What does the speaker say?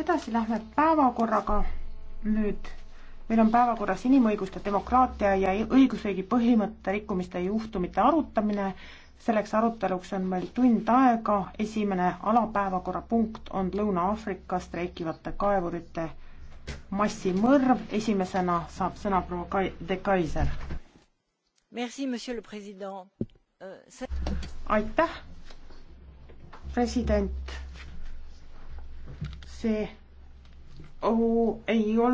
edasi lähme päevakorraga nüüd. meil on päevakorras inimõiguste, demokraatia ja õigusriigi põhimõtte rikkumiste juhtumite arutamine. selleks aruteluks on meil tund aega, esimene alapäevakorrapunkt on Lõuna-Aafrika streikivate kaevurite massimõrv, esimesena saab sõna proua de Kaiser. Euh, aitäh, president see ohu ei ole